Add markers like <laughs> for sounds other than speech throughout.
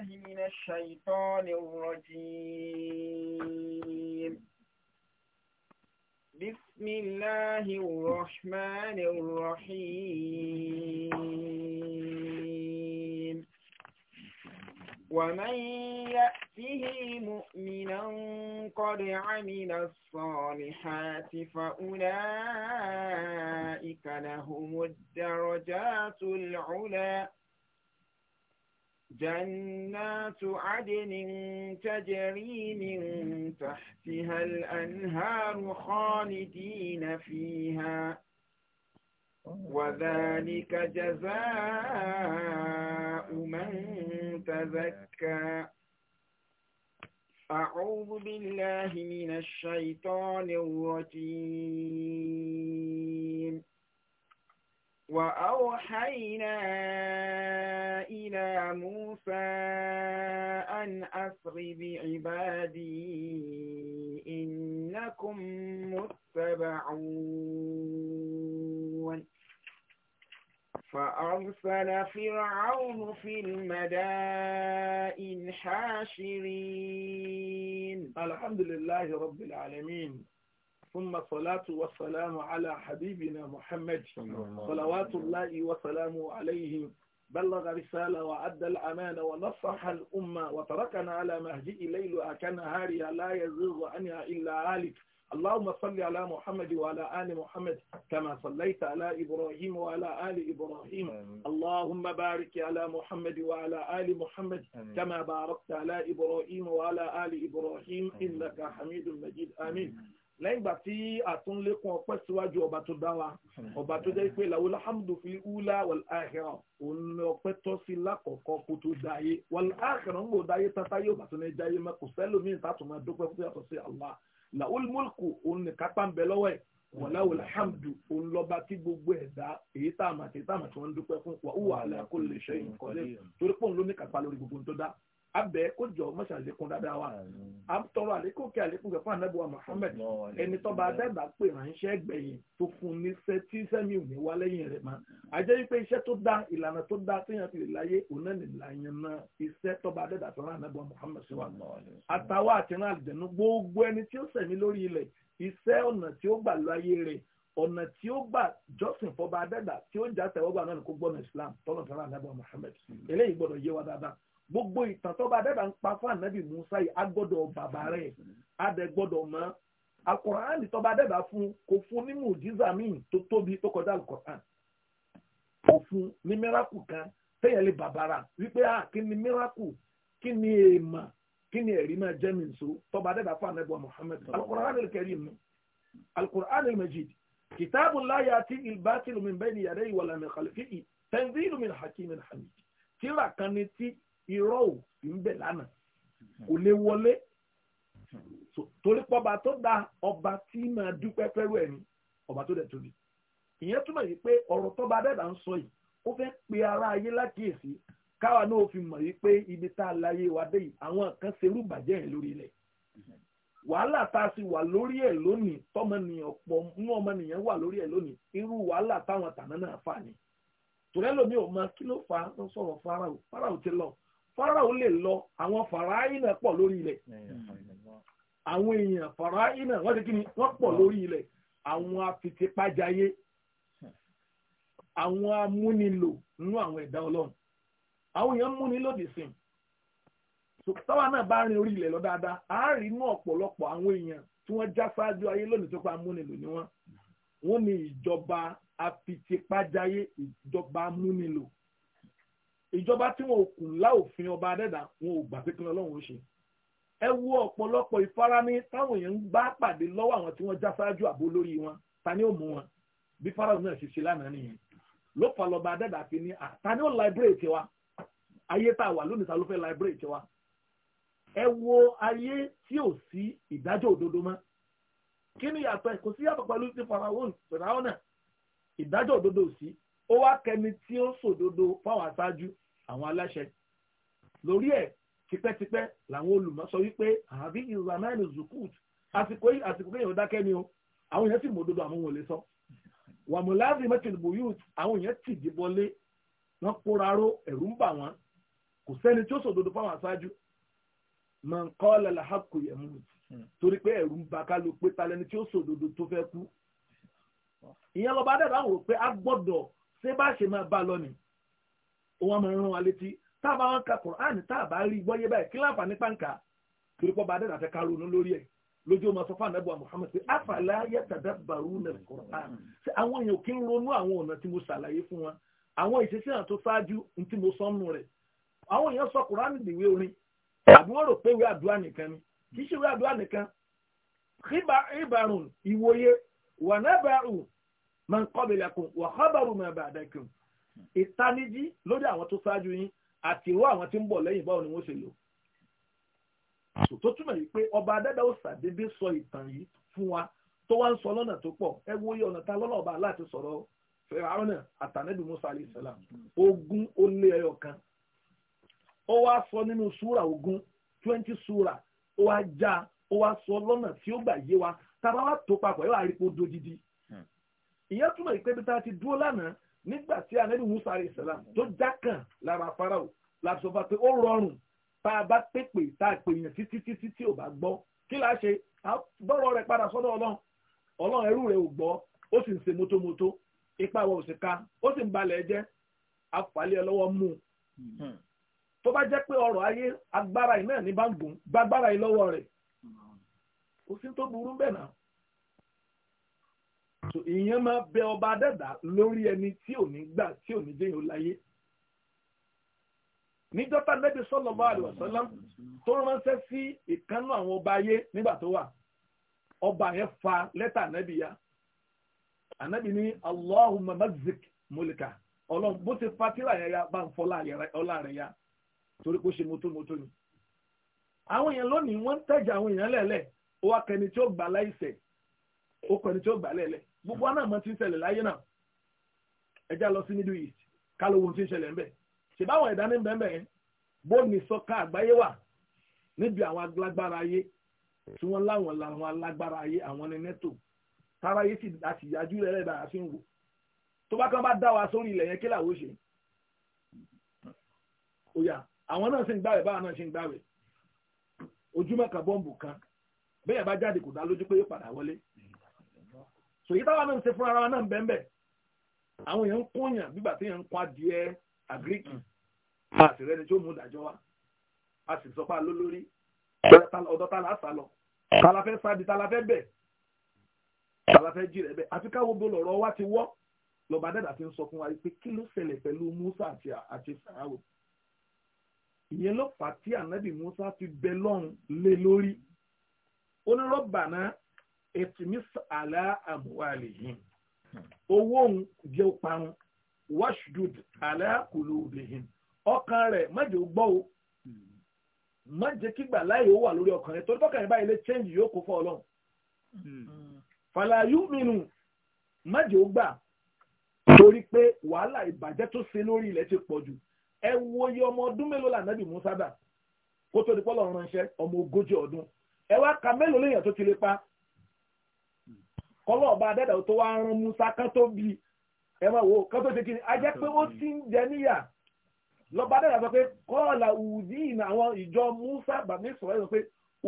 بالله من الشيطان الرجيم بسم الله الرحمن الرحيم ومن يأته مؤمنا قد عمل الصالحات فأولئك لهم الدرجات العلى جنات عدن تجري من تحتها الأنهار خالدين فيها وذلك جزاء من تزكى أعوذ بالله من الشيطان الرجيم وأوحينا إلى موسى أن أسر بعبادي إنكم متبعون فأرسل فرعون في المدائن حاشرين الحمد لله رب العالمين ثم صلاة والسلام على حبيبنا محمد صلوات الله وسلامه عليه بلغ رسالة وعد الأمانة ونصح الأمة وتركنا على مهجئ ليلها كنهارها لا يزيغ عنها إلا عالك اللهم صل على محمد وعلى آل محمد كما صليت على إبراهيم وعلى آل إبراهيم آمين. اللهم بارك على محمد وعلى آل محمد آمين. كما باركت على إبراهيم وعلى آل إبراهيم آمين. إنك حميد مجيد آمين lẹ́yìn ìgbà tí àtúnlékun ọpẹ́ síwájú ọba tó dá wa ọba tó jẹ́ pé làwọn alhamdu fi wúlá wal akhirah òun ni ọpẹ́ tọ́ sí lákọ̀ọ́kọ́ kó tó dáyé wal akhirah ń bò dáyé tata yóò bàtú ní dáyé mọ́ kò sẹ́lómi ìtàtù máa dúpẹ́ fún yàtọ̀ sí Allah làwọn múlùkù òun ni kápá ń bẹ lọ́wọ́ ẹ̀ wọ̀lá wọ̀lá òun lọ́ba tí gbogbo ẹ̀dá èyí tá a mà tí tá a mà tí wọ́n dúpẹ́ fún wa ó wà ala kulli torí pé ló ní kápá lórí gbogbo tó dá abẹ kó jọ mọṣẹ àlékún dáadáa wa àtọrọ àlékún kí àlékún kẹfà anábíwá Muhammad ẹni tọba adágbà pè ránṣẹ́ gbẹ̀yìn tó fún níṣẹ́ tí sẹmi ò ní wá lẹ́yìn rẹ̀ mọ́ àjẹ wípé iṣẹ́ tó dá ìlànà tó dá téèyàn fi láyé òun náà lè láyàn tọba adágbà tó rán anábíwá Muhammad sí wa àtàwọn àtìrán àlùjẹnu gbogbo ẹni tí ó sẹmí lórí ilẹ̀ iṣẹ́ ọ̀nà tí ó gbà lọ ayé rẹ̀ ọ̀nà tí ó gbà jọ́sìn fọba adágbà tí ó jà tẹ̀wọ́gbà náà kó gbọ́nà Islam tọ́lọ̀ tọ́lọ̀ anábíwá Muhammad mm. eléyìí gbọ́dọ̀ yé wa dáadáa gbogbo ìtàn tó bá dẹ́gbà ń pa fún ànábì Musa yìí a gbọ́dọ̀ bàbá rẹ̀ a dẹ̀ gbọ́dọ̀ mọ̀ alukọ̀rán tó bá dẹ́gbà fún kò fún ní mùjíza míì tó tóbi tó kọjá alukọ̀rán ó fún ní mẹ́rákù kan téèyàn lè bàbára wípé a ah, kí ni mẹ́rákù kí ni èèmà kí ni ẹ̀rí máa jẹ́ mi nso tó bá dẹ́gbà fún ànábì Muhammad alukọ̀rán karim alukọ̀rán majid kìtàbù la ya'tihi al-batilu min bayni yadayhi wala min khalfihi tanzilu irọ́ ò sí ń bẹ̀ lánàá kò lè wọlé torí pọba tó da ọba tí máa dúpẹ́ pẹ́rú ẹ̀ ọba tó dẹ̀ tóbi ìyẹn túmọ̀ yìí pé ọ̀rọ̀ tọ́ba dẹ́dà ń sọ yìí ó fẹ́ pe ara ayé lákìyèsí káwa náà fi mọ̀ yìí pé ibi tá a láyé wa dé yìí àwọn kan bàjẹ́ yẹn lórí ilẹ̀ wàhálà tá a sì wà lórí ẹ̀ lónìí tọmọnìyàn pọ̀ mú ọmọnìyàn wà lórí ẹ̀ lónìí irú wàhálà táwọn tàná náà fà ò mọ kí ló lọ fáráò lè lọ àwọn fàráìnà pọ̀ lórí ilẹ̀ àwọn èèyàn fàráìnà wọ́n ti kí ni wọ́n pọ̀ lórí ilẹ̀ àwọn afitipájayé àwọn amúnilò nínú àwọn ẹ̀dá ọlọ́run àwọn èèyàn múni lòdì sí táwa náà bá rin orí ilẹ̀ lọ dáadáa a rí inú ọ̀pọ̀lọpọ̀ àwọn èèyàn tí wọ́n já sáájú ayé lónìí tó pa amúnilò ni wọ́n wọ́n ní ìjọba afitipájayé ìjọba amúnilò. ìjọba tí wọn ò kùn lá òfin ọba adẹ́dà wọn ò gbà pé kí ọlọ́run ó ṣe ẹ wo ọ̀pọ̀lọpọ̀ ìfarani táwọn èèyàn ń bá pàdé lọ́wọ́ àwọn tí wọ́n já sáájú àbò lórí wọn ta ni ó mú wọn bí faraon náà ṣe ṣe lánàá nìyẹn ló fà lọ́ba adẹ́dà fi ní ta ni ó láìbírèètì wa ayé tá a wà lónìí ta ló fẹ́ láìbírèètì wa ẹ wo ayé tí ò sí ìdájọ́ òdodo mọ́ kí ni yàtọ̀ kò sí yàtọ̀ pẹ̀lú ti faraon faraon náà ìdájọ́ òdodo sí ó wá kẹni tí ó ṣòdodo fáwọn aṣáájú àwọn aláṣẹ lórí ẹ̀ tipẹ́tipẹ́ làwọn olùmọ̀ sọ wípé àbí ìrànlẹ́nu zukut àsìkò yìí àsìkò kéèyàn dákẹ́ ni o àwọn èèyàn sì mọ òdodo àwọn òun ò lè sọ wàmúláàbí mẹtìlì buyut àwọn èèyàn ti dìbọlé wọn kóra ró ẹ̀rù ń bà wọn kò sẹ́ni tí ó sọ òdodo fáwọn aṣáájú mọ̀ ń kọ́ lẹ́la hàkù yẹ̀ mú torí pé ẹ̀rù ń bà kálu pé talẹ́ni tí ó sọ òdodo tó fẹ́ kú ìyẹn lọ́ba dàda wò pé a gbọ́dọ̀ ṣé bá ṣe máa bá lọ nìyí ó wá máa ń rán wa létí tá a bá wọn ka Quran tá a bá rí gbọ́yé báyìí kí láǹfààní pàǹkà kìrìpọ̀ bá dẹ́nà fẹ́ ká ronú lórí ẹ̀ lójú ọmọ sọfà nàbọ̀ Muhammad pé àfàlà yẹtàdà bàrú nà Quran ṣe àwọn èèyàn kí ń ronú àwọn ọ̀nà tí mo ṣàlàyé fún wa àwọn ìṣesí àtò ṣáájú ní tí mo sọ nù rẹ̀ àwọn èèyàn sọ Quran dìwé orin àbí wọ́n rò pé ìwé àdúrà nìkan ni kì í ṣe ìwé àdúrà nìkan ìbàrùn ìwòye wà nábàrù man wà khabaru ma ìtanijí lórí àwọn tó ṣáájú yín àti irú àwọn tí ń bọ̀ lẹ́yìn báwo ni wọ́n ṣe lò. tó túmọ̀ yìí pé ọba adẹ́dá ó ṣàdédé sọ ìtàn yìí fún wa tó wá ń tó pọ̀ ẹ wo iye ta lọ́nà ọba láti sọ̀rọ̀ fẹ́ràn musa alayhi salam ó lé ẹyọ kan nínú súra twenty súra ó wá já ó wá sọ lọ́nà tí ó gbà yé wa papọ̀ nígbà tí anabi musa alayhi salam tó jákàn lára farao láti sọ fún wa pé ó rọrùn tá a bá pèpè tá a pè yàn títí títí tí ò bá gbọ́ kí la ṣe bọ́rọ̀ rẹ̀ padà sọ́dọ̀ ọlọ́run ọlọ́run ẹrú rẹ̀ ò gbọ́ ó sì ń ṣe mótómótó ipa wa ò sì ka ó sì ń balẹ̀ jẹ́ afàlẹ́ ọlọ́wọ́ mú un hmm. tó bá jẹ́ pé ọrọ̀ ayé agbára yìí náà ní bá ń gùn gbàgbára yìí lọ́wọ́ rẹ̀ hmm. kò sí tó burú bẹ́ẹ̀ náà ìyẹn máa bẹ ọba dẹ́dà lórí ẹni tí ò ní gbà tí ò ní jẹ́ yóò láyé níjọ́tà nẹ́bí sallallahu alaihi wasallam tó ránṣẹ́ sí ìkánú àwọn ọba ayé nígbà tó wà ọba yẹn fa lẹ́tà nẹ́bí ya ànẹ́bí ní Allahumma mazzik mulika ọlọ́run bó ti fatira yẹn ya bá ń fọlá ọlá rẹ̀ ya torí kó ṣe mọ́tòmọ́tò ni. àwọn èèyàn lónìí wọ́n ń tẹ̀jà àwọn èèyàn lẹ́lẹ̀ ó wá tí ó gbà láìsẹ̀ ó kọ ẹni tí ó gbà lẹ́lẹ̀ gbogbo wa náà mọ ti ń ṣẹlẹ̀ láyé náà ẹja lọ sí middle east ká ló ohun tí ń ṣẹlẹ̀ ń bẹ̀ ṣèbáwọn ẹ̀dá ní bẹ́ẹ̀ yẹn bó ní sọ́ka àgbáyé wà níbi àwọn alágbára ayé tí wọ́n láwọn làwọn alágbára ayé àwọn ní nẹ́tò táráyé sì láti yájú rẹ̀ dára sí ń wò tó bá kán bá dá wa sórí ilẹ̀ yẹn kí làwọn ò ṣe òyà àwọn náà sì ń gbàwẹ̀ báwọn náà ṣe ń gbàwẹ̀ ojúmọ́ kan bọ́ǹbù kan bẹ́ẹ̀ bá jáde kò dá lójú pé yóò padà wọlé sòyí táwa náà ń ṣe fúnra wa náà bẹ́ẹ̀ àwọn èèyàn ń kóyàn nígbà tí èèyàn ń kó adìẹ àgíríkì a sì rẹni tí ó mú ìdájọ́ wa a sì sọ pé a ló lórí ọ̀dọ̀ ta la sá lọ ta la fẹ́ sáàdì ta la fẹ́ bẹ̀ ta la fẹ́ jìrẹ̀ bẹ̀ àti káwọn bó lọ̀rọ̀ wa ti wọ́ lọ́ba dẹ́dà ti ń sọ fún wa pé kí ló ṣẹlẹ̀ pẹ̀lú Musa àti Fáráò ìyẹn ló fà á tí ànábì Musa ti bẹ lọ́run lé lórí onírọ̀bà náà. etimis ala amuwalihim owó ń parun washdud ala kulubihim ọkàn rẹ̀ má gbọ́ o maje jẹ́ kígbà o ó wà lórí ọkàn rẹ̀ torí bọ́kàn rẹ̀ báyìí change yóò kó fọ́ ọlọ́run fala yu'minu má jẹ́ gbà torí pé wàhálà ìbàjẹ́ tó ṣe lórí ilẹ̀ ti pọ̀ jù ẹ ọmọ ọdún mélòó Musa kó tó di pọ́lọ̀ ọmọ ogójì ọdún ẹ wá ka mélòó pa kọ́lọ̀ ọba dada tó wá rán Musa kán bi ẹ máa wo kán ṣe pé ó ti ń jẹ níyà lọ́ba adẹ́dà sọ pé kọ́ọ̀là ùdíìnà àwọn ìjọ Musa bàmí sọ pé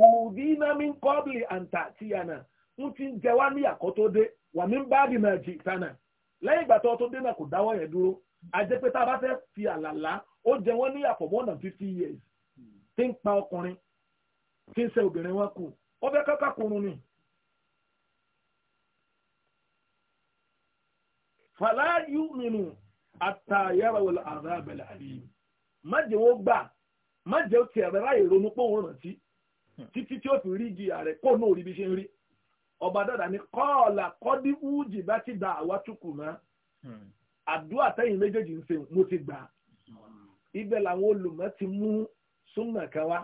ùdíìnà mi ń kọ́ọ̀bìlì àǹtà tíyànà ń ti ń jẹ wá níyà kó tó dé wà mí ń bá a pé tá a bá fẹ́ fi àlàlá ó jẹ wọ́n níyà for more than fifty years fàlá yúmínú àtàyàrá wọlé àzábẹ̀lẹ̀ àlìyé má jẹ́ wọ́n gbà má jẹ́ ó tiẹ̀ rárá ìrònú pé òun rántí hmm. títí tí ó fi rí igi ààrẹ kó náà rí bí ṣe ń rí ọba dàdà ní kọ́ọ̀là kọ́díwú jìbá ti da àwa túkù mọ́ àdúrà tẹ́yìn méjèèjì ń mo ti gbà ibẹ̀ làwọn olùmọ̀ ti mú súnmọ̀ kan wá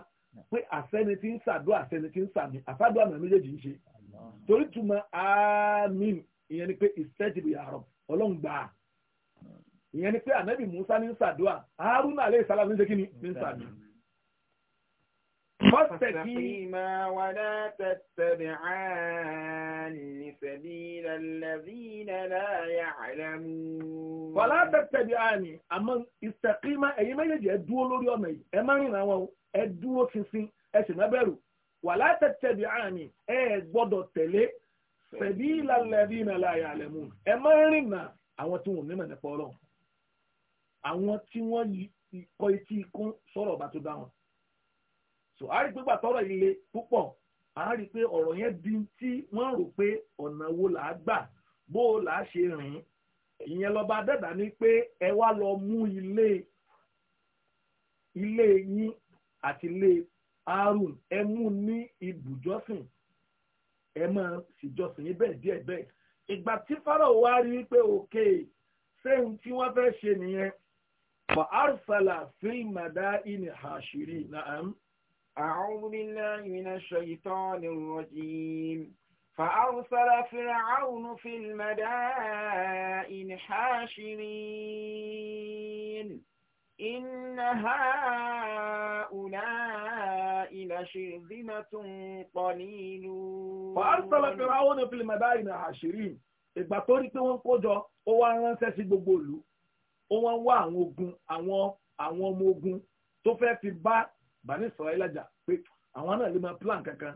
pé àsẹ́ni ti ń ṣàdúrà àsẹ́ni ti ń ṣàmì àfádùn àmì méjèèjì ń ṣe torí túmọ̀ ìyẹn ni pé ìṣẹ́jìbì àrọ̀ ọlọ́run gbà á ìyẹn ni pé ànábì musa ní sàdúà haruna alẹ́ ìsàlá ní sẹ́kí ní sàdù. فاستقيما ولا تتبعان سبيل الذين لا يعلمون ولا تتبعان àmọ́ استقيما ẹ̀yin méjèèjì ẹ dúró lórí ọ̀nà yìí ẹ má rìn àwọn ẹ dúró ṣinṣin ẹ sì má bẹ̀rù ولا تتبعان ẹ gbọ́dọ̀ tẹ̀lé sẹ̀bí ìlàlẹ́bí ìnàlá àyàlẹ́mú ẹ má rìnà àwọn tí wọn ò ní mẹ́lẹ̀ pọ̀ ọlọ́run àwọn tí wọ́n kọ etí ikún sọ̀rọ̀ ọba tó dá so a rí pé gbàtọ́rọ̀ ilé púpọ̀ a rí pé ọ̀rọ̀ yẹn di tí wọ́n rò pé ọ̀nà wo là á gbà bó o là á ṣe rìn ìyẹn lọ́ba dẹ́dà ní pé ẹ wá lọ mú ilé ilé yín àti ilé Harun ẹ mú ní ibùjọ́sìn ẹ máa ṣèjọsìn yín bẹ́ẹ̀ díẹ̀ bẹ́ẹ̀ ìgbà tí Fáráò wá rí i pé òkè sẹ́yìn tí wọ́n fẹ́ ṣe nìyẹn fa arsala fil madaini hashiri na'am. أعوذ بالله من الشيطان الرجيم فأرسل فرعون في المدائن حاشرين إن هؤلاء لشرذمة قليلون فأرسل فرعون في المدائن حاشرين ìgbà tó rí pé wọ́n kó jọ ó wá ránṣẹ́ sí gbogbo ìlú ó wá ń wá àwọn ogun àwọn àwọn ọmọ ogun tó fẹ́ fi bá bani Israẹli jà pé àwọn náà lè máa plan kankan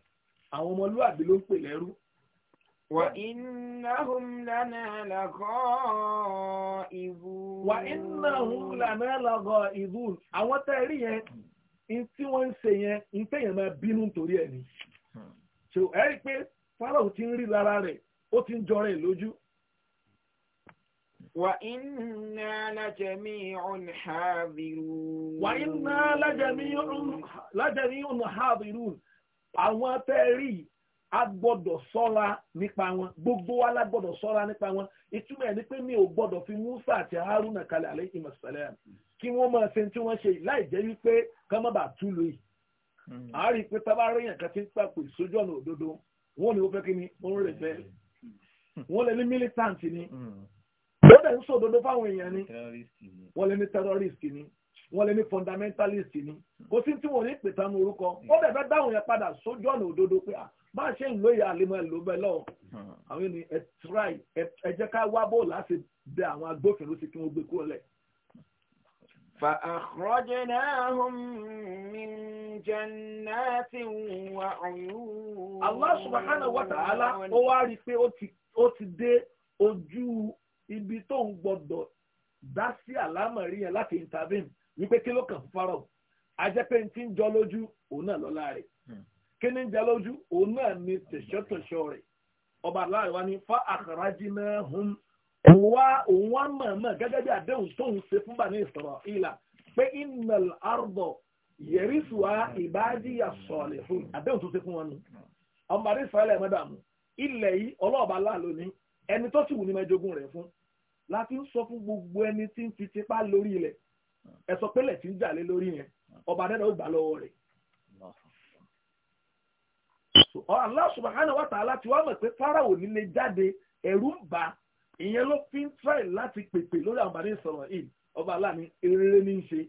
àwọn ọmọlúwàbí ló ń pè lẹ́rú. wà innahum lana laghaibun. wà innahum lana laghaibun. àwọn tá ẹ rí yẹn tí wọ́n ń ṣe yẹn ń tẹ̀yàn máa bínú torí ẹ̀ ni. ṣò ẹ rí i pé fáráò ti ń rí lára rẹ̀ ó ti ń jọra ẹ̀ lójú. Wà iná lájẹ̀mí ọ̀nà hábìrún. Wà iná lájẹ̀mí ọ̀nà hábìrún àwọn tẹ́ẹ̀rí a gbọ́dọ̀ sọ́ra nípa wọn gbogbo wa la gbọ́dọ̀ sọ́ra nípa wọn ìtumọ̀ ẹ̀ ni pé mi ò gbọ́dọ̀ fi Musa àti Haruna kalẹ̀ alayhim assalam kí wọ́n máa ṣe tí wọ́n ṣe láì jẹ́ wípé kán má bàa tú lóyè àárí hmm. pé tábàárẹ̀yàn kan ti ń pàpè sójú ọ̀nà òdodo wọn ni wọ́n fẹ́ kí ni wọ́n ń rè fẹ́ hmm. wọ́n lè ní militant ni hmm. wọ́n lè ń sọ òdodo fáwọn èèyàn ni wọ́n lè ní terrorist ni wọ́n lè ní fundamentalist ni hmm. kò sí tí wọ́n ní pètà mú orúkọ ó hmm. dẹ̀ fẹ́ dáhùn yẹn padà sójú ọ̀nà òdodo pé à bá a ṣe ń lóye àlemọ́ ẹ̀ ló bẹ́ẹ̀ lọ́wọ́ hmm. àwọn ènìyàn ẹ try ẹ jẹ́ ká wá bó láti bẹ àwọn agbófinró sí kí wọ́n gbé kúrò lẹ̀. فأخرجناهم من جنات وعيون الله سبحانه وتعالى ó wá rí pé ó ti dé ojú ibi tó ń gbọdọ̀ dá wípé kí ló kàn fún Fáráò ajẹ́pẹ́ ti ń jọ lójú òun náà lọ́la rẹ̀ hmm. kí ni ń jẹ lójú òun náà ni tẹ̀sọ́tẹ̀sọ́ rẹ̀ ọba láàrin wa ni fa akhrajnahum òun wá òun wá mọ̀ọ́mọ̀ gẹ́gẹ́ bí àdéhùn tóun ṣe fún Bani Israila pé innal arda yarisuha ibadiya salihun àdéhùn tó ṣe fún wọn nù ọmọ Bani Israila ẹ̀mẹ́dàmú ilẹ̀ yìí ọlọ́ọ̀ba láàlú ni ẹni tó sì wù ní mẹ́jogún rẹ̀ fún láti ń sọ fún gbogbo ẹni tí ń fi tipá lórí ilẹ̀ ẹ sọ pé lẹ́tí ń jà lé lórí ọba dẹ́dọ̀ ó gbà lọ́wọ́ rẹ̀. Allah subhanahu ta'ala ti wá mọ̀ pé Fáráò nílé jáde ẹ̀rù ń ìyẹn ló fi ń tíráì láti pèpè lórí àwọn bàdé ìsọ̀rọ̀ yìí ọba aláàánú ní í ṣe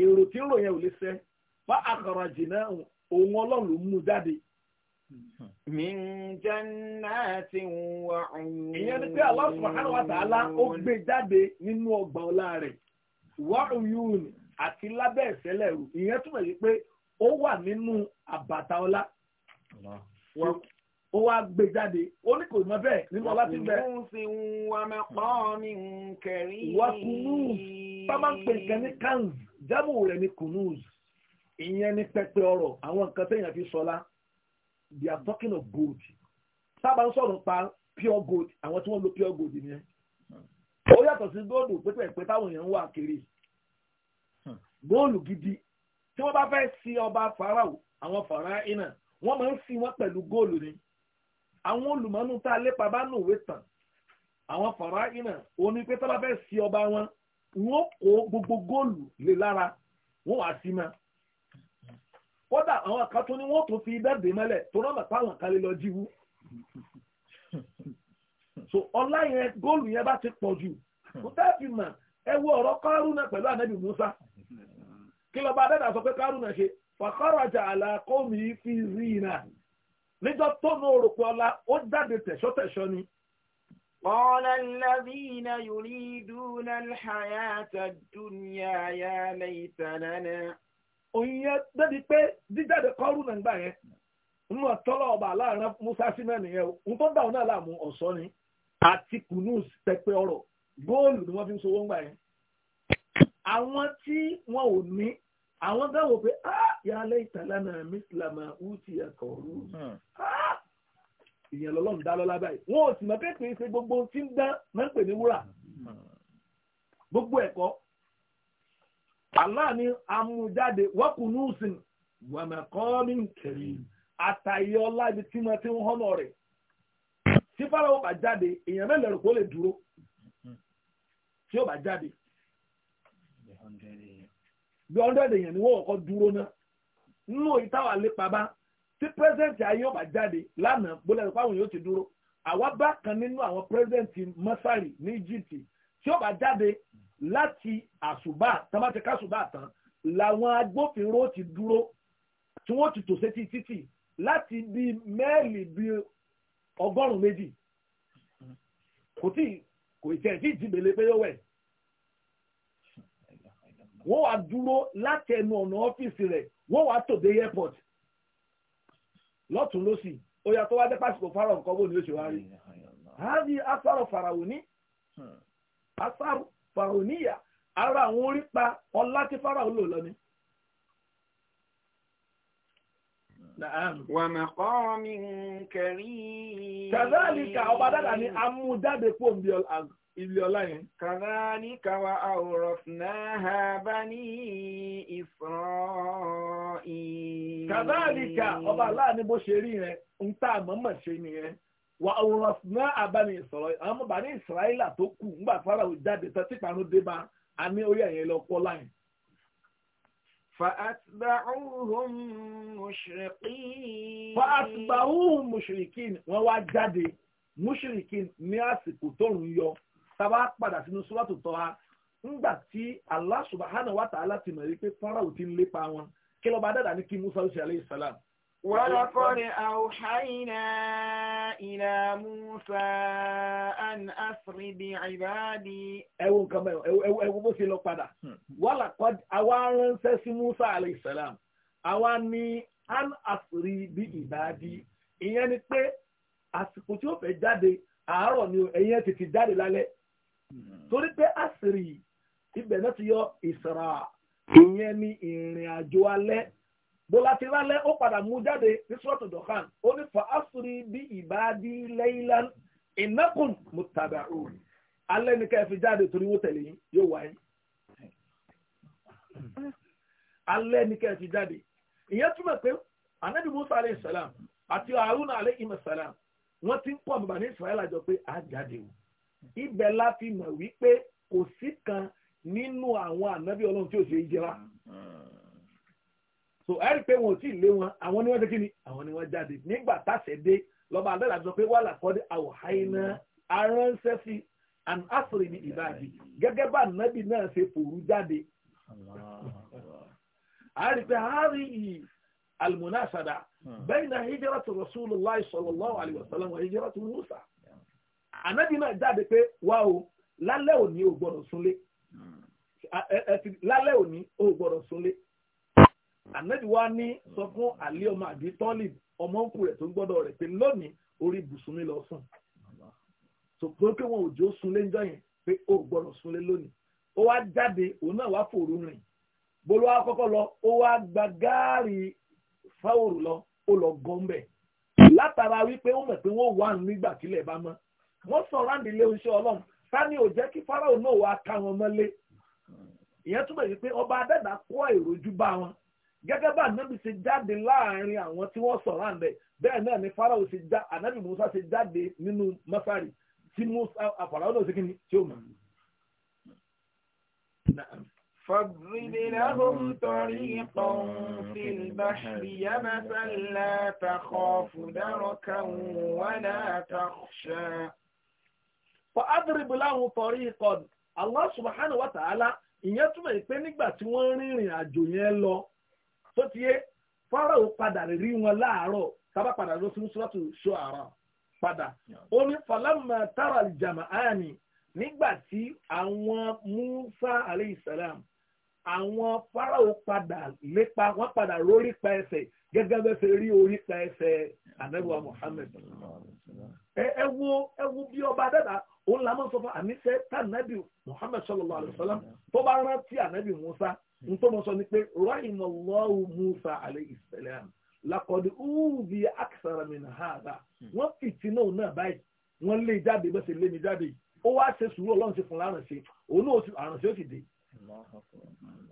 èrò tí ń rò yẹn ò lè òun ọlọ́run ló mú jáde. min wa ta'ala ó gbé jáde nínú ọgbà ọlá rẹ̀. wàhùn àti lábẹ́ ìfẹ́lẹ̀ rù ìyẹn túmọ̀ sí pé ó wà nínú àbàtà ọlá ó wá gbé jáde ó ní kò mọ bẹ́ẹ̀ nínú ọlá tí ń bẹ. wà kùnúùs bá máa ń pè nǹkan ní kanz jábù rẹ̀ ní kùnúùs ìyẹn ní pẹpẹ ọ̀rọ̀ àwọn nǹkan téèyàn fi sọlá they are talking of gold sábà ń sọ̀rọ̀ pa pure gold àwọn tí wọ́n lo pure gold nìyẹn ó yàtọ̀ sí góòlù pépèpé táwọn èèyàn ń wà kiri hmm. góòlù gidi tí wọ́n bá fẹ́ ọba farao àwọn fara iná wọ́n máa ń sin wọ́n pẹ̀lú góòlù ni àwọn olùmọ̀nù tá a lépa bá nù wé tàn àwọn fara iná o pé pe fẹ́ sin ọba wọn wọ́n kó gbogbo góòlù lè lára wọ́n wá sí máa kódà àwọn kan ni ní fi bẹ́ẹ̀ dè tó náà bàtà àwọn so ọlá yẹn góòlù yẹn bá ti pọ̀ jù kó tẹ́ fi mà ẹ wo ọ̀rọ̀ kárùnà pẹ̀lú ànábì Musa kí lọ́ba adẹ́dà sọ pé kárùnà ṣe fàkọ́rọ̀jà àlàkómi fi rí iná níjọ́ tó ní òrùpẹ́ ọlá ó jáde tẹ̀ṣọ́tẹ̀ṣọ́ ni. قال الذين يريدون الحياة الدنيا يا ليت لنا òyìnyẹ débi pé jíjáde kọ́rù náà gbà yẹn nínú ọ̀tọ́lọ̀ ọba láàrin Musa sí náà nìyẹn o ń tó dà ọ́ náà láàmú ọ̀sọ́ ni àti kùnú pẹpẹ ọ̀rọ̀ góòlù ni wọ́n fi ń sowó ń gbà yẹn àwọn tí wọn ò ní àwọn dáwọ pé yàrá ìtàlá náà mísìlámà wúti àkọọrù ìyẹn lọ́lọ́run dá lọ́lá báyìí wọn ò sì mọ̀ pé kì í ṣe gbogbo tí ń dán máa ń pè ní wúrà gbogbo ẹ̀kọ́ aláàní amújáde wọ́kùnú wàmẹ̀kọ́ mi kẹrin àtàyè ọlá ibi tí mo ti ń họ́nà rẹ̀ tí fáráwọ̀ bá jáde èèyàn mẹ́lẹ̀ rò kó lè dúró tí ó bá jáde bí hundred èèyàn ni wọ́n kọ́kọ́ dúró náà nínú ìtawà lépa bá tí pírẹsidẹ́ǹtì ayé ọba jáde lánàá gbọ́dọ̀ nípa àwọn èèyàn ti dúró àwa bá kan nínú àwọn pírẹsidẹ́ǹtì masari ní Egypt tí ó bá jáde láti àṣùbà tamati kásùbà tán làwọn agbófinró ti dúró tí wọ́n ti tò sétí títì láti bíi mẹ́ẹ̀lì bíi ọgọ́rùn-ún méjì kò tí kò tẹ̀ tí ìjìnbẹ̀lẹ̀ pé yóò wẹ̀ wọ́n wá dúró láti ẹnu ọ̀nà ọ́fíìsì rẹ̀ wọ́n wá tò dé airport lọ́tún lọ́sì ó yàtọ̀ wá dé pásítọ̀ fárọ̀ nǹkan bó ni ó ṣe wá rí hàbí asáró fàràwò ní asáró fàràwò níyà ara àwọn orí pa ọlá tí fáràwò lò lọ ni. Naam. Wa maqamin karim. Kàdáàlìkà ọba dáadáa ni a mú jáde kó ilé ọlá yẹn. Kàdáàlìkà wa awrafnaha bani Isra'il. Kàdáàlìkà ọba aláàánú bó ṣe rí yẹn, ń tà mọ́mọ́ ṣe nìyẹn. Wa awrafnaha bani Isra'il. Àwọn ọmọ bàní فأتبعوهم مشرقين فأتبعوهم مشرقين wọ́n wá jáde mushrikin ní àsìkò tóòrùn yọ tàbá padà sínú sùwàtò tọ́ ha ńgbà tí Allah subhanahu wa ta'ala ti mọ̀ wípé fọ́nrán ò ti ń lépa wọn kí lọ́ba dáadáa ní kí Musa ṣe alayhi salam ولقد أوحينا إلى موسى أن أسر بعبادي ẹwù nǹkan mẹ́wọ̀ ẹwù ẹwù bó ṣe lọ padà hmm. ولقد àwa ránṣẹ́ sí Musa aleyhisselam àwa ní an asr bí ìbáàdì ìyẹn ni pé àsìkò tí ó fẹ́ jáde àárọ̀ ni ẹ̀yẹn tètè jáde lálẹ́ hmm. torí pé asiri ibẹ̀ náà ti yọ ìsra ìyẹn ni ìrìn àjò alẹ́ bolatiralẹ ó padà mú jáde ní sọ́ọ̀tù dọ̀kan ó ní fa asuri bí ìbáàdí lẹ́yìnlán ìnákùn mùtàbàrù alẹ́ ní kẹfì jáde torí wọ́n tẹ̀lé yín yóò wáyé alẹ́ ní kẹfì jáde ìyẹn túmọ̀ pé anabi musa alayhi salam àti haruna alayhi salam wọ́n ti ń pọ̀ bàbá ní israẹli àjọ pé a jáde o ibẹ̀ la fi mọ̀ wípé kò sí kan nínú àwọn anabi ọlọ́run tí ò so ẹ rí i pé wọn ò tí ì lé wọn àwọn ni wọ́n ṣe kí ni àwọn ni wọ́n jáde nígbà táṣẹ dé lọ́ba adọ́là sọ pé wàhálà kọ́ dé àwòháyiná aránṣẹ́ sí and asiri ní ìbàdí gẹ́gẹ́ bá nàbì náà ṣe fòrú jáde. a rí i pé àárín yìí almunasada bayna hijratu rasulillah sallallahu alayhi wa sallam wa hijratu musa ànábì náà jáde pé wá o lálẹ́ òní ò gbọ́dọ̀ súnlé lálẹ́ òní ò gbọ́dọ̀ súnlé ànábì wa ní sọ fún àlí ọmọ àbí tọ́lìb ọmọ òkú rẹ̀ tó ń gbọ́dọ̀ rẹ̀ pé lónìí orí ibùsùn mi lọ sùn tó pé kí wọn òjò sunlé ńjọ́ yẹn pé ó gbọ́dọ̀ sunlé lónìí ó wá jáde òun náà wá fòrú rìn bolo wa kọ́kọ́ lọ ó wá gba gaari fáwọrù lọ ó lọ gọ́ńbẹ̀ látara wípé ó mọ̀ pé wọ́n wà nígbà tílẹ̀ bá mọ́ wọ́n sọ ráǹdì ilé iṣẹ́ ọlọ́run sani ò jẹ́ kí fáráò náà wá ká wọn mọ́lé ìyẹn túmọ̀ gẹ́gẹ́ bá ànábì ṣe jáde láàrin àwọn tí wọ́n sọ̀rọ̀ àǹdẹ̀ bẹ́ẹ̀ náà ni farao ṣe já ànábì musa ṣe jáde nínú mọ́sárì tí musa àfàràwọ̀ náà ṣe kí ni tí ó mọ̀. فاضرب طريقا في البحر يبسا لا تخاف دركا ولا تخشى فاضرب لهم طريقا Allah subhanahu wa ta'ala ìyẹn túmọ̀ ìpé nígbà tí tó ti yé Fáráò padà rí wọn láàárọ̀ sábà padà lọ sí sọ́ọ̀tù ṣọ́ara padà ó ní falamma tara aljama'ani nígbà tí àwọn Musa aleyhisselam àwọn Fáráò padà lépa wọn padà rórí pa ẹsẹ̀ gẹ́gẹ́ bẹ́ẹ̀ ṣe rí orí pa ẹsẹ̀ anabiwa Muhammad ẹ wo ẹ wo bí ọba dada òun làmọ́ sọ fún àmì sẹ́ tànàbì Muhammad sallallahu alayhi wa sallam tó bá rántí ànàbì Musa n tó mọ sọ ni pé rahim allahu musa alayhi salam lakọdi ubi aksara min hada hmm. wọn fìtínà òun náà báyìí wọn lé jáde bó ṣe lé mi jáde ó wá ṣe sùúrù ọlọ́run ṣe fún lárùn ṣe òun náà àrùn ṣe ó ti dé.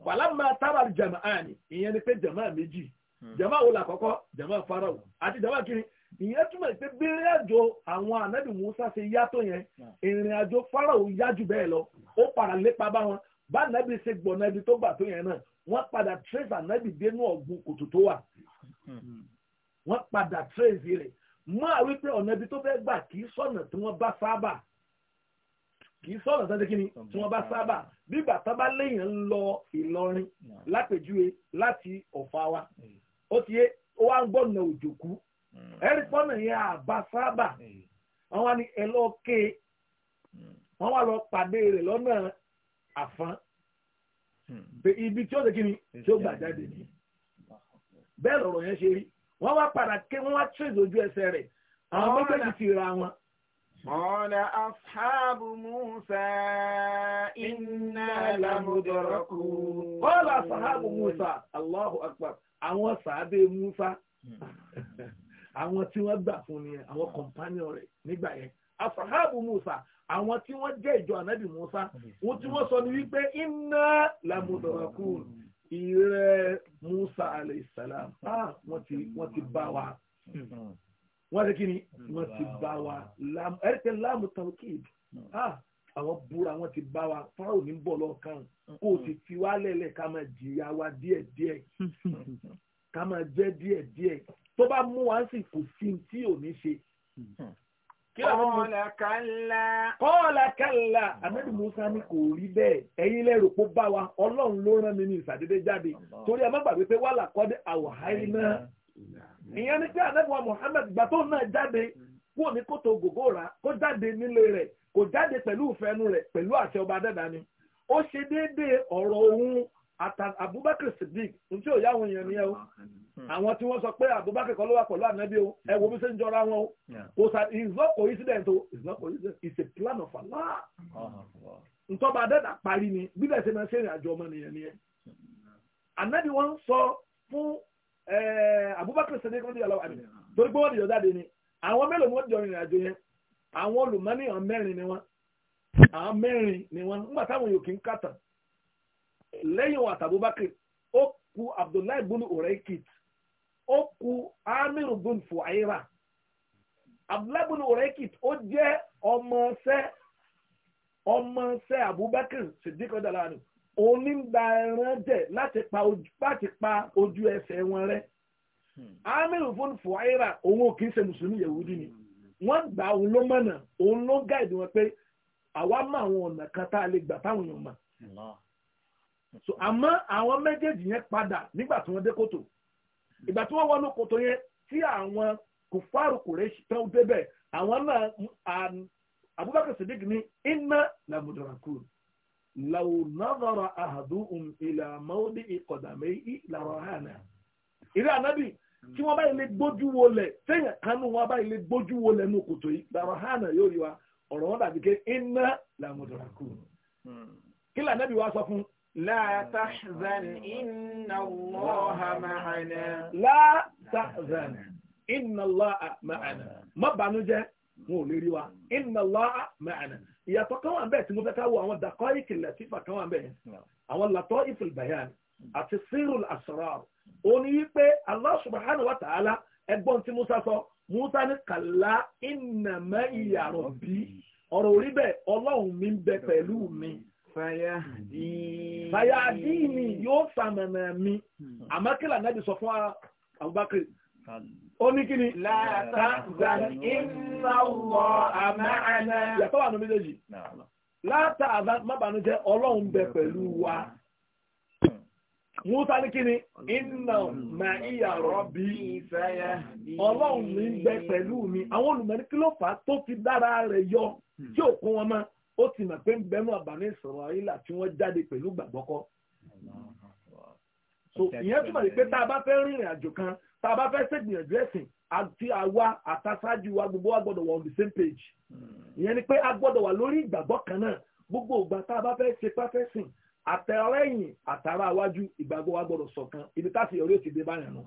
wàlámà tábà jamaani ìyẹn ni pé jamaa méjì hmm. jamaa wo làkọ́kọ́ jamaa farao àti jamaa kiri ìyẹn túmọ̀ pé bẹ́ẹ̀rẹ̀ àjò àwọn ànábì musa ṣe yàtọ̀ yẹn hmm. ìrìn àjò farao yájú bẹ́ẹ̀ lọ ó para lépa bá wọn bá ànábì ṣe gbọ̀nà ibi tó gbà tó yẹn náà wọ́n padà trace ànábì dénú ọ̀gbun kòtò tó wà hmm. wọ́n padà trace rẹ̀ mọ́ àwọn wípé ọ̀nà ibi tó fẹ́ gbà kì í sọ̀nà tí wọ́n bá sábà kì í sọ̀rọ̀ sọ́dọ̀ kíni tí wọ́n bá sábà bígbà tó bá léèyàn ń lọ Ìlọrin lápèjúwe láti Ọ̀fà wa ó ti yé ó wá ń gbọ́nà òjòkú hmm. ẹ̀rí pọ́nà yẹn àbá sábà hmm. wọ́n wá ní ẹlọ́ọ̀kẹ́ wọ́n wá lọ pàdé rẹ̀ lọ́nà àfán hmm. ibi tí ó ṣe kíni tí ó gbà jáde bẹ́ẹ̀ lọ̀rọ̀ ṣe rí wọ́n wá padà ké wọ́n wá tírèdì ojú ẹsẹ̀ rẹ̀ àwọn méjèèjì ti ra wọn. Ọlọ Aṣáàbù Musa iná lámúdọ̀rọ̀kú. Mọ̀lá Aṣáàbù Allahu àwọn Musa hmm. <laughs> àwọn tí wọ́n gbà fún àwọn àwọn tí wọ́n jẹ́ ìjọ ànábì Musa wọ́n tí wọ́n sọ ní wípé iná lamudrakun ìrẹ́ Musa alayhisalam ah, wọ́n ti wọ́n ti bá wa wọ́n ti kíni wọ́n ti bá wa ẹ̀ríkẹ́ láàmù tawkid ah, àwọn búra wọ́n ti bá wa fáwọn ní bọ̀ lọ́kàn ó ti fi wá lẹ́lẹ̀ ká máa jìyà wa díẹ̀díẹ̀ ká máa jẹ́ díẹ̀díẹ̀ tó bá mú wa sí kò sí tí ò ní ṣe. Kọ́ọ̀lá kálá. Kọ́ọ̀lá kálá. Amẹ́dù Musa ni kò rí bẹ́ẹ̀. Ẹ̀yin lẹ́rù kó bá wa. Ọlọ́run ló rán mi ní ìsàdédé jáde. Torí ẹ má gbàgbé pé wàhálà kọ́dé àwòháyé náà. Ìyẹn ni pé àdẹ́bùwà Muhammad gbà tó náà jáde kúrò ní kòtò gògóra kó jáde nílé rẹ̀ kò jáde pẹ̀lú ìfẹ́nu rẹ̀ pẹ̀lú àṣẹ ọba adẹ́dá ni. Ó ṣe déédéé ọ̀rọ̀ òun Abubakar Siddiq ní tí ò yá àwọn èèyàn nìyẹn o. Hmm. àwọn tí wọ́n sọ pé Abubakar kọ́ ló wà pẹ̀lú ànábì o ẹ wo bí ṣe ń jọra wọn o kò sa it's not coincidence o it's not coincidence it's a plan of Allah ntọ́ba adẹ́dà parí ni bí bẹ́ẹ̀ ṣe máa ṣe ìrìn àjò ọmọ nìyẹn nìyẹn ànábì wọn sọ fún Abubakar sẹ́ni kọ́ńtì yàrá àmì torí pé wọ́n dìjọ jáde ni àwọn mélòó ni wọ́n dìjọ ìrìn àjò yẹn àwọn olùmọ́ni àwọn mẹ́rin ni wọ́n àwọn mẹ́rin ni wọ́n nígbà táwọn yòókì ń kàtà lẹ́yìn wọn àtàbúbákẹ́ ó ku Abdullahi bunu orekit ó ku amiru bin fuhaira abdulabun orekit ó jẹ́ ọmọọṣẹ́ ọmọọṣẹ́ abubakar siddiq ọ̀dàlánù onídàárán jẹ láti pa ojú ẹsẹ̀ wọn rẹ́ hmm. amiru bin fuhaira òun ò kì í ṣe mùsùlùmí yahudi ni wọ́n gbà òun ló mọ̀nà òun ló gáìdì wọn pé àwa mọ àwọn ọ̀nà kan tá a lè gbà táwọn èèyàn mọ̀ so àmọ́ àwọn méjèèjì yẹn padà nígbà tí wọ́n dé kòtò ìgbà tí wọ́n wọnú kòtò yẹn tí àwọn kò fárò kò rẹ̀ tán débẹ̀ àwọn náà um, Abubakar Siddiq ní iná làmùdàràkù ahadu nadhara ahaduhum ila mawdi'i qadamayhi larahana. ìrẹ́ ànábì tí wọ́n báyìí lè gbójú wo lẹ̀ sẹ́yìn kanú wọn báyìí lè gbójú wo lẹ̀ nù kòtò yìí yóò rí wa ọ̀rọ̀ wọn dàbí ké iná hmm. kí sọ fún لا تحزن إن الله معنا لا تحزن إن الله معنا má bànújẹ́ wọn ò lè rí wa inna Allah ma'ana ìyàtọ̀ kan wà bẹ́ẹ̀ tí mo fẹ́ ká wo àwọn daqa'iq al-latifa kan wà bẹ́ẹ̀ àwọn lata'if al-bayan àti sirru al-asrar ó ní wípé Allah subhanahu wa ta'ala ẹgbọ́n tí Musa sọ Musa ní kàlá inna ma'iya rabbi ọ̀rọ̀ orí bẹ́ẹ̀ ọlọ́run mi ń bẹ pẹ̀lú mi fàyàdí mi yóò sàmàmà mi àmọ́ kí lànà bí sọ fún Abubakar ó ní kí ni. láàtà zan iná wọ àmàlà. yàtọ̀ wà ní méjèèjì láàtà zan má bànújẹ́ ọlọ́run bẹ pẹ̀lú wa. Hmm. Musa ní kí Iná ma ìyà rọ̀bí ìfẹ́yẹ. Ọlọ́run mi bẹ pẹ̀lú mi. Àwọn olùmọ̀ ní kí ló fà tó fi dára rẹ̀ yọ hmm. tí ò kún wọn mọ́ ó ti mọ̀ pé ń bẹ́nu àbáni ìsọ̀rọ̀ ayélà tí wọ́n jáde pẹ̀lú gbàgbọ́kọ́. so ìyẹn túmọ̀ sí pé tá a bá fẹ́ rìnrìn àjò kan tá a bá fẹ́ ṣègbìyànjú ẹ̀sìn àti àwa àtàṣáájú wa gbogbo wa gbọ́dọ̀ wà on the same page. ìyẹn ni pé a gbọ́dọ̀ wà lórí ìgbàgbọ́ kan náà gbogbo ìgbà tá a bá fẹ́ ṣe pàfẹ́sìn àtẹ̀rẹ́yìn àtàrà iwájú ìgbàgbọ́ wa gbọ́dọ̀ ṣọ̀kan ibi tá a ti yọrí èsì dé báyìí nù.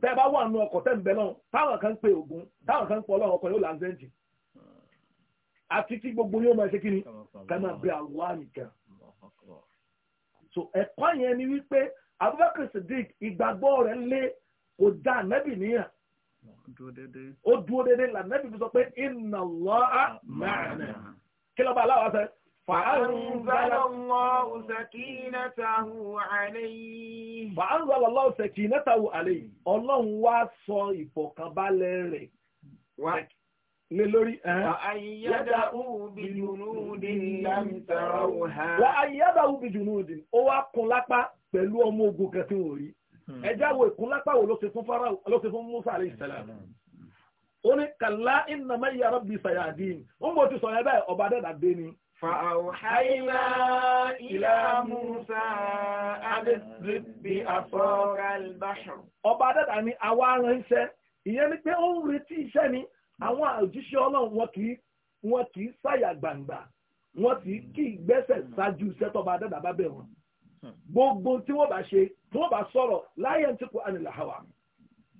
tẹ́ ẹ bá wà nù ọkọ̀ tẹ́ ń bẹ náà táwọn kan ń pe ògún táwọn kan ń pọ̀ ọlọ́run ọkọ̀ yóò là àti tí gbogbo yóò máa ṣe kí ni ká máa bẹ Allah nìkan. so ẹ̀kọ́ yẹn ni wípé Abubakar Siddiq ìgbàgbọ́ rẹ̀ lé kò dá ànábì níyà ó dúró dédé lànàbì fi sọ pé inna Allaha ma'ana kí ló bá aláwọ̀ sẹ́. فأنزل الله سكينته عليه فأنزل الله سكينته عليه ọlọ́run wá sọ ìfọ̀kànbalẹ̀ rẹ̀ lé lórí. Àyíyádá òbí jùnúdín lámìtàrà òhà. Àyíyádá òbí jùnúdín, ó wá kún lápá pẹ̀lú ọmọ ogun kan tí wọ́n rí. Hmm. Ẹjá wo ìkúnlápá wo ló alayhi salam. Hmm. Ó ní kàlá iná mẹ́yà rọ́bì sàyàdín. Ó ń ti sọ̀rọ̀ ẹ̀bẹ̀ ọba dẹ́dà dé ni. Fàáwùháìlá ìlà Musa Adébí bí àfọ́kàlbáṣọ̀. Ọba dẹ́dà ni àwa ránṣẹ́. Ìyẹn ni pé ó ń retí iṣẹ́ ni àwọn òjíṣẹ́ ọlọ́run wọn kì í wọn kì í sáyà gbangba wọn kì í kí gbẹ́sẹ̀ ṣáájú iṣẹ́ tọ́ba adẹ́dà bá bẹ̀ wọn hmm. gbogbo tí wọ́n bá ṣe tí wọ́n bá sọ̀rọ̀ láyé ń tìkú ànilà hàwà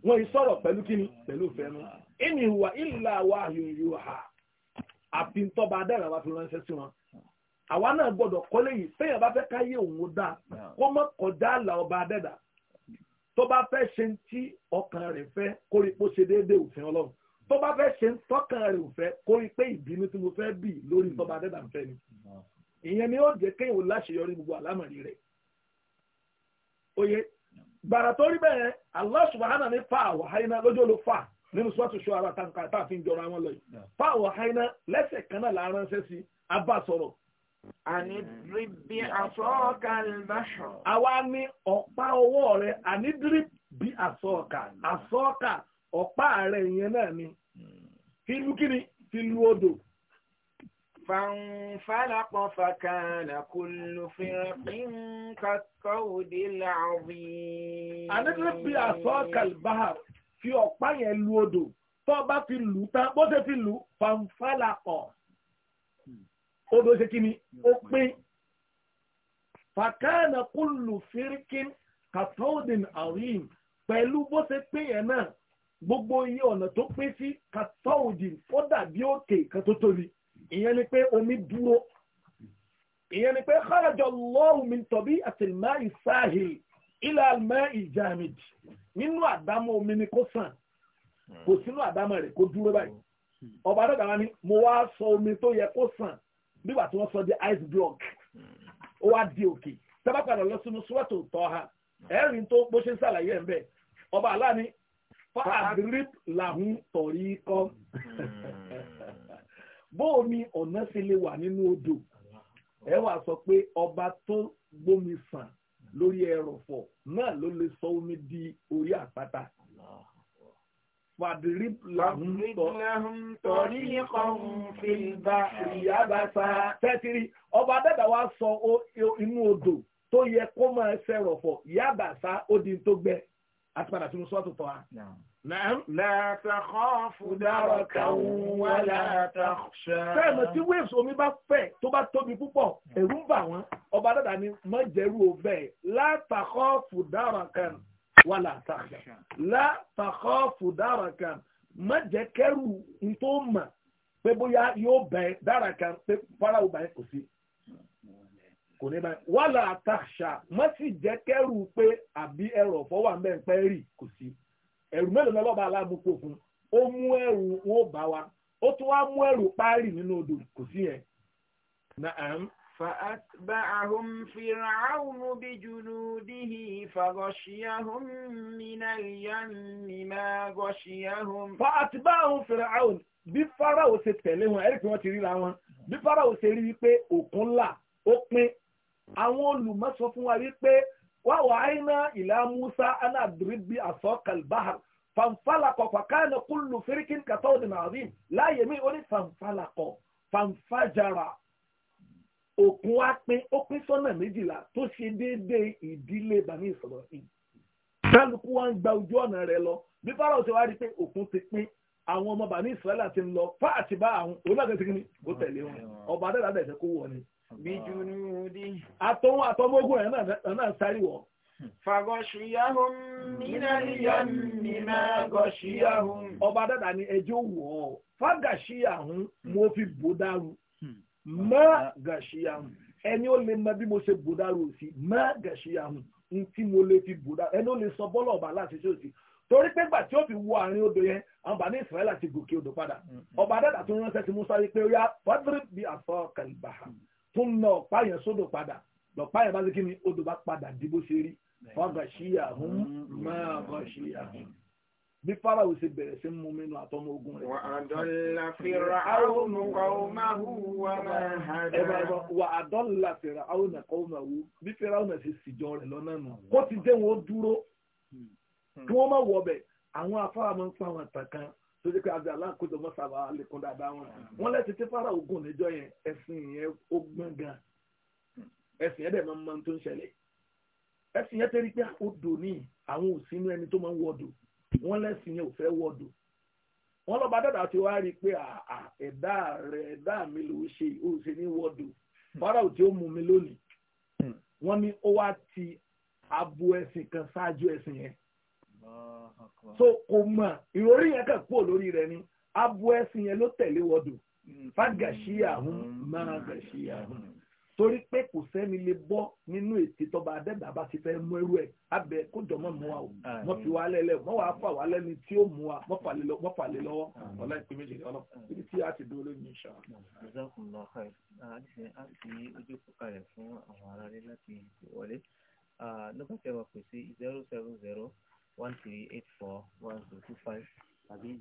wọn yìí sọ̀rọ̀ pẹ̀lú kíni pẹ̀lú fẹ́nu ìní ìwà ìlà wa yòòyò ha àfi tọ́ba adẹ́rẹ̀ wa fi ránṣẹ́ sí wọn àwa náà gbọ́dọ̀ kọ́lé yìí fẹ́yìn bá fẹ́ káyé òun dá hmm. kó mọ́ kọjá àlà ọba adẹ́dà tó bá fẹ́ ṣe ń tí ọkàn rẹ̀ fẹ́ kórìpó ṣe déédéé òfin ọlọ́run tó bá fẹ́ ṣe ń tọ́kàn rẹ̀ ò fẹ́ kó rí pé ìbínú tí mo fẹ́ bì lórí tọ́ba dẹ́dà ń fẹ́ ni ìyẹn ni ó jẹ́ kéèyàn ò láṣeyọrí gbogbo àlámọ̀rí rẹ̀ oye gbàrà tó rí bẹ́ẹ̀ Allah subhanahu ní fa àwọn àìná lójó ló fà nínú sọ́ọ̀tù ṣọ́ ara tàǹkà tá a fi ń jọra wọn lọ yìí fa àwọn àìná lẹ́sẹ̀ kan náà láàárín ṣẹ́ sí abá sọ̀rọ̀ Àní dìrìbì àsọ́ọ̀kà ìbáṣọ. Àwa ní ọ̀pá ọwọ́ rẹ̀, àní dìrìbì àsọ́ọ̀kà, àsọ́ọ̀kà, ọ̀pá rẹ̀ yẹn náà ni ìlú kíni ti lu odò. فانفلق فكان كل فرق كالطود العظيم Ànábì bí àsọ́ọ̀kà ìbáhà fi ọ̀pá yẹn lu odò tó bá fi lù tán bó ṣe fi lù fanfalakọ̀. Odò ṣe kíni ó pín. Fàkánà kúlù fíríkín kàtọ́ọ̀dìn àríyìn pẹ̀lú bó pín yẹn náà gbogbo iye ọ̀nà tó pín sí katọ́ọ̀dì fọ́dà bí òkè kan tó tóbi ìyẹn ni pé omi dúró ìyẹn ni pé kharaja Allahu min tabi'ati al-ma'i sahil ila al-ma'i jamid nínú àdámọ́ omi ni kó sàn kò sínú àdámọ́ rẹ̀ kó dúró báyìí ọba àdọ́gà wa ni mo wá sọ omi tó yẹ kó sàn nígbà tí wọ́n sọ di ice block ó wá di òkè tábàpadà lọ sínú súwọ́tò tọ́ ha ẹ̀rín tó bó ṣe sàlàyé ẹ̀ ń bẹ̀ ọba aláàní fàdúríp làwọn tori kọ́. bo mi ọ̀nà ṣe lè wà nínú odò ẹ wàá sọ pé ọba tó gbómi sàn lórí ẹrọ̀fọ̀ náà ló lè sọ omi di orí àpáta. فاضرب لهم طريقا في البحر يبسا tẹ́tìrì ọba dàda wa sọ inú odò tó yẹ kó máa ṣẹrọ̀fọ̀ yàbàṣá ó àti padà sínú sọ́ọ̀tù tọ́ a. la takhafu darakan wala fẹ́ẹ̀mù tí waves omi bá fẹ̀ tó bá tóbi púpọ̀ ẹ̀rù ń bà wọ́n ọba dàda ni mọ̀jẹ̀rù òbẹ̀ la takhafu darakan wala takhsha. la takhafu darakan mọ̀jẹ̀kẹ́rù ntó mà pé bóyá yóò bẹ̀ darakan pé fara òbẹ̀ kò sí kò ní báyìí wàhálà àtàṣà má sì jẹ́ kẹ́rù pé àbí ẹrù ọ̀fọ́ wà ń bẹ́ẹ̀ pẹ́ rì kò sí ẹrù mélòó náà lọ́ba aláàmúpò fún ó mú ẹrù wọn ò bá wa ó tún wá mú ẹrù páàrì nínú odò kò sí yẹn. فأتبعهم فرعون بجنوده فغشيهم من اليم ما غشيهم فأتبعهم فرعون bí Fáráò ṣe tẹ̀lé wọn ẹ̀rí pé wọ́n ti ríra wọn bí Fáráò ṣe rí wípé òkun là ó pín àwọn olùmọ̀ sọ fún wa wípé wáwọ̀ àìná ìlà musa anadiribi asọ́kalbahar fanfalakọ fàkànnà kúlù firikin kàtọ́ọ̀dì nàzim láàyè mí oní fanfalakọ fanfajara òkun wa pín ó pín sọ́nà méjìlá tó ṣe déédéé ìdílé bani ìsọ̀rọ̀ yìí kálukú wa ń gba ojú ọ̀nà rẹ̀ lọ bí fáráò ti wá rí i pé òkun ti pín àwọn ọmọ bani ìsọ̀rọ̀ ti ń lọ fáàtì bá àwọn onígbàgbẹ́sẹ̀ kí ni kò tẹ̀lé wọn ọba adẹ́dàá bẹ̀rẹ̀ kó wọ ni. Àtọ́wọ́ àtọ́mọ́gún ẹ̀ náà sáré wọ̀. Fàgọ́ṣíyáhùn Ọba dada ni ẹjọ́ wọ̀ ọ́. Fàgàṣíyáhùn hmm. mo fi bò dáru. Hmm. Má gàṣíyáhùn. Ẹni ó lè mọ bí mo ṣe bò dáru sí. Má gàṣíyáhùn. N tí mo lè fi bò dáru. Ẹni ó lè sọ bọ́lọ̀ ọba láti ṣe òsì. Torí pé gbà tí ó fi wọ àárín odò yẹn, àwọn bàbá ní Ìsìráyìlà ti gòkè odò padà. Hmm. Ọba dada tó ránṣẹ́ ti Musa wípé ó yá fọ́dúrú bí àfọ́ kàlùbà tó ń na ọ̀pá yẹn sódò padà lọ̀pá yẹn bá ti kí ni odò bá padà di ṣe rí fagàṣíyà hún máa gàṣíyà bí fáráwò ṣe bẹ̀rẹ̀ sí mú mi nù àtọmọ ogun rẹ̀. wàdọ́là fìrà áwọn kọ́ọ̀máhù wà máa hàdà. ẹ bá yọ wàdọ́là fìrà áwọn kọ́ọ̀máhù bí fìrà áwọn ṣe ṣìjọ rẹ̀ lọ́nà nù. kó ti dé wọn dúró hmm. kí wọ́n má wọ bẹ̀ àwọn afárá máa ń pa àwọn àtàkàn tó jẹ́ pé abdul allah kójọ mọ́sàbà lè kún dáadáa wọn wọn lẹ́sìn tí fara ogun níjọ yẹn ẹ̀sìn yẹn ó gbọ́n gan ẹ̀sìn yẹn dẹ̀ máa ń mọ tó ń ṣẹlẹ̀ ẹ̀sìn yẹn tẹ́rí pé odò ní àwọn òsínú ẹni tó máa ń wọ́dò wọn lẹ́sìn yẹn ò fẹ́ wọ́dò wọn lọ́ba dàdà tí wàá rí i pé ẹ̀dá rẹ̀ ẹ̀dá mi ló ṣe ó ní wọ́dò fara òtí ó mú mi lónìí wọn ní ó wá ti abo ẹ̀sìn kan ṣáájú ẹ̀sìn yẹn so kò mọ̀ ìròrí yẹn kàn kúrò lórí rẹ̀ ni abo ẹ̀sìn yẹn ló tẹ̀lé wọ́dù mm-hmm. fagàṣíyà hún máragàṣíyà mm-hmm. hún torí pé kò sẹ́ni lè bọ́ nínú ètè tọba adẹ́dà bá ti fẹ́ mú ẹrú ẹ̀ abẹ kójọ mọ́ mu wa o mọ́ fi wa lẹ́lẹ̀ mọ́ wa fà wá lẹ́ni tí ó mu wa mọ́ fà lé lọ́wọ́ ọ̀la ìpín méjì ọlọ́ ibi tí a ti dúró lónìí insha Allah. ọ̀sán lọ ọ̀hà ẹ̀ á ti ojú kúkà rẹ̀ fún àwọn aráalé láti wọlé nígbà tí a wà pèsè zero seven zero. one three eight four one two two five tàbí